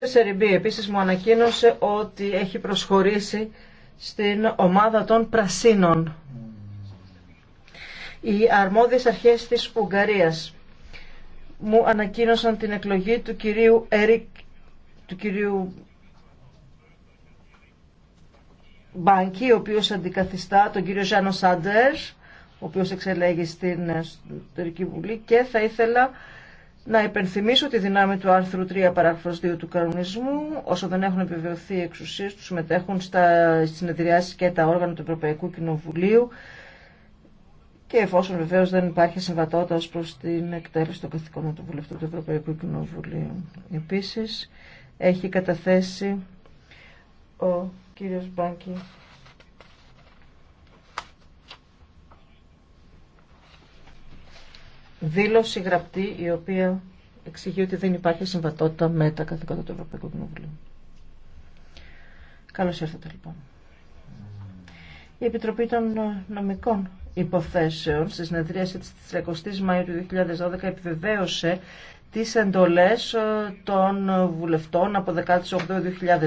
Επίση επίσης μου ανακοίνωσε ότι έχει προσχωρήσει στην ομάδα των Πρασίνων. Οι αρμόδιες αρχές της Ουγγαρίας μου ανακοίνωσαν την εκλογή του κυρίου Ερικ, του κυρίου Μπάνκι, ο οποίος αντικαθιστά τον κύριο Ζάνο Σάντερ, ο οποίος εξελέγει στην Ευρωτερική Βουλή και θα ήθελα να υπενθυμίσω τη δυνάμη του άρθρου 3 παράγραφος 2 του κανονισμού. Όσο δεν έχουν επιβεβαιωθεί οι εξουσίες τους συμμετέχουν στα συνεδριάσεις και τα όργανα του Ευρωπαϊκού Κοινοβουλίου και εφόσον βεβαίω δεν υπάρχει συμβατότητα ως προς την εκτέλεση των καθηκόντων του Βουλευτού του Ευρωπαϊκού Κοινοβουλίου. Επίσης, έχει καταθέσει ο κύριος Μπάνκι δήλωση γραπτή η οποία εξηγεί ότι δεν υπάρχει συμβατότητα με τα καθήκοντα του Ευρωπαϊκού Κοινοβουλίου. Καλώ ήρθατε λοιπόν. Η Επιτροπή των Νομικών Υποθέσεων στη συνεδρίαση της 30 η Μαΐου του 2012 επιβεβαίωσε τις εντολές ε, των βουλευτών από 18